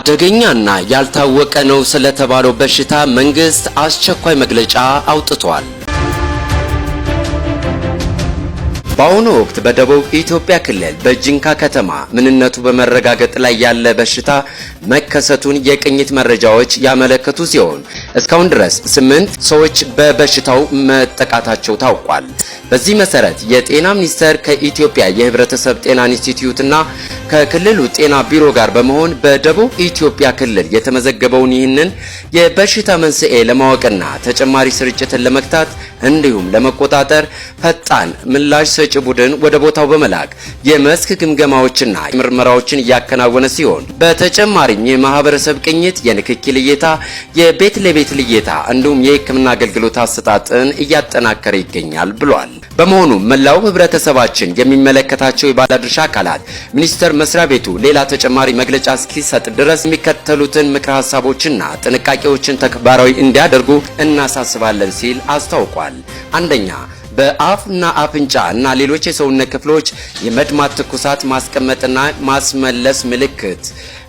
አደገኛና ያልታወቀ ነው ስለተባለው በሽታ መንግስት አስቸኳይ መግለጫ አውጥቷል። በአሁኑ ወቅት በደቡብ ኢትዮጵያ ክልል በጂንካ ከተማ ምንነቱ በመረጋገጥ ላይ ያለ በሽታ መከሰቱን የቅኝት መረጃዎች ያመለከቱ ሲሆን እስካሁን ድረስ ስምንት ሰዎች በበሽታው መጠቃታቸው ታውቋል። በዚህ መሰረት የጤና ሚኒስቴር ከኢትዮጵያ የህብረተሰብ ጤና ኢንስቲትዩትና ከክልሉ ጤና ቢሮ ጋር በመሆን በደቡብ ኢትዮጵያ ክልል የተመዘገበውን ይህንን የበሽታ መንስኤ ለማወቅና ተጨማሪ ስርጭትን ለመግታት እንዲሁም ለመቆጣጠር ፈጣን ምላሽ ሰጪ ቡድን ወደ ቦታው በመላክ የመስክ ግምገማዎችና ምርመራዎችን እያከናወነ ሲሆን በተጨማሪም የማህበረሰብ ቅኝት፣ የንክኪ ልየታ፣ የቤት ለቤት ልየታ እንዲሁም የሕክምና አገልግሎት አሰጣጥን እያጠናከረ ይገኛል ብሏል። በመሆኑ መላው ህብረተሰባችን የሚመለከታቸው የባለድርሻ አካላት ሚኒስቴር መስሪያ ቤቱ ሌላ ተጨማሪ መግለጫ እስኪሰጥ ድረስ የሚከተሉትን ምክረ ሀሳቦችና ጥንቃቄዎችን ተግባራዊ እንዲያደርጉ እናሳስባለን ሲል አስታውቋል። ይገኛል። አንደኛ በአፍና አፍንጫ እና ሌሎች የሰውነት ክፍሎች የመድማት ትኩሳት ማስቀመጥና ማስመለስ ምልክት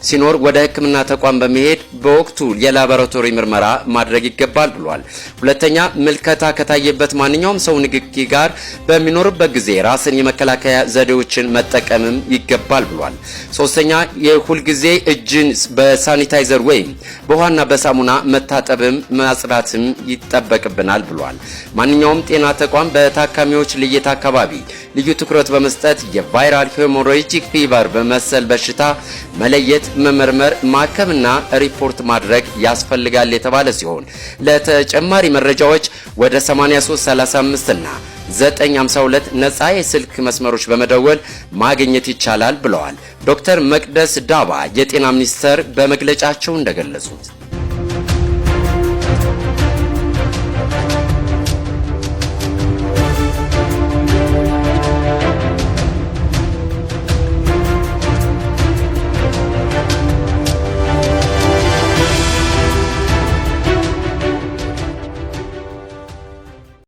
ሲኖር ወደ ሕክምና ተቋም በመሄድ በወቅቱ የላቦራቶሪ ምርመራ ማድረግ ይገባል ብሏል። ሁለተኛ ምልከታ ከታየበት ማንኛውም ሰው ንክኪ ጋር በሚኖርበት ጊዜ ራስን የመከላከያ ዘዴዎችን መጠቀምም ይገባል ብሏል። ሶስተኛ የሁልጊዜ እጅን በሳኒታይዘር ወይም በውሃና በሳሙና መታጠብም ማጽዳትም ይጠበቅብናል ብሏል። ማንኛውም ጤና ተቋም በታካሚዎች ልየት አካባቢ ልዩ ትኩረት በመስጠት የቫይራል ሄሞሮጂክ ፊቨር በመሰል በሽታ መለየት፣ መመርመር፣ ማከምና ሪፖርት ማድረግ ያስፈልጋል የተባለ ሲሆን ለተጨማሪ መረጃዎች ወደ 8335 እና 952 ነጻ የስልክ መስመሮች በመደወል ማግኘት ይቻላል ብለዋል። ዶክተር መቅደስ ዳባ የጤና ሚኒስቴር በመግለጫቸው እንደገለጹት